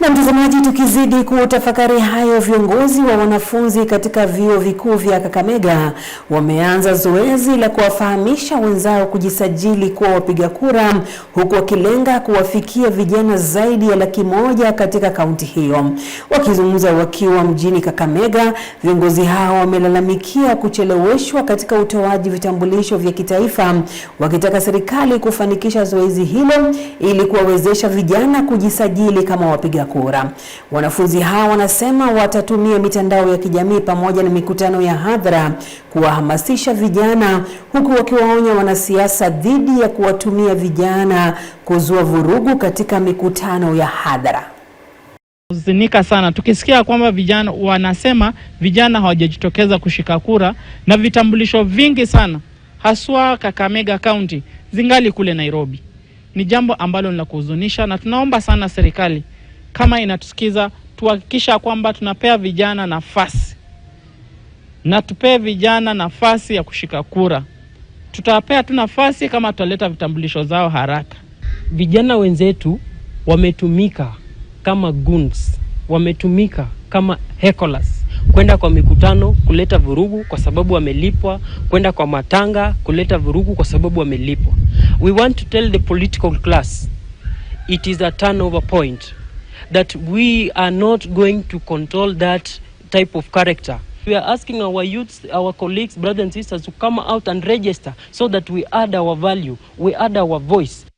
Na mtazamaji, tukizidi kutafakari hayo, viongozi wa wanafunzi katika vyuo vikuu vya Kakamega wameanza zoezi la kuwafahamisha wenzao kujisajili kuwa wapiga kura, huku wakilenga kuwafikia vijana zaidi ya laki moja katika kaunti hiyo. Wakizungumza wakiwa mjini Kakamega, viongozi hao wamelalamikia kucheleweshwa katika utoaji vitambulisho vya kitaifa, wakitaka serikali kufanikisha zoezi hilo ili kuwawezesha vijana kujisajili kama wapiga kura. Wanafunzi hawa wanasema watatumia mitandao ya kijamii pamoja na mikutano ya hadhara kuwahamasisha vijana, huku wakiwaonya wanasiasa dhidi ya kuwatumia vijana kuzua vurugu katika mikutano ya hadhara zinika sana tukisikia kwamba vijana wanasema vijana hawajajitokeza kushika kura na vitambulisho vingi sana haswa Kakamega County zingali kule Nairobi. Ni jambo ambalo ni la kuhuzunisha, na tunaomba sana serikali kama inatusikiza, tuhakikisha kwamba tunapea vijana nafasi na tupee vijana nafasi ya kushika kura. Tutawapea tu nafasi kama tutaleta vitambulisho zao haraka. Vijana wenzetu wametumika kama guns wametumika kama hecolas kwenda kwa mikutano kuleta vurugu kwa sababu wamelipwa, kwenda kwa matanga kuleta vurugu kwa sababu wamelipwa. We want to tell the political class it is a turnover point. that we are not going to control that type of character. We are asking our youths, our colleagues, brothers and sisters to come out and register so that we add our value, we add our voice.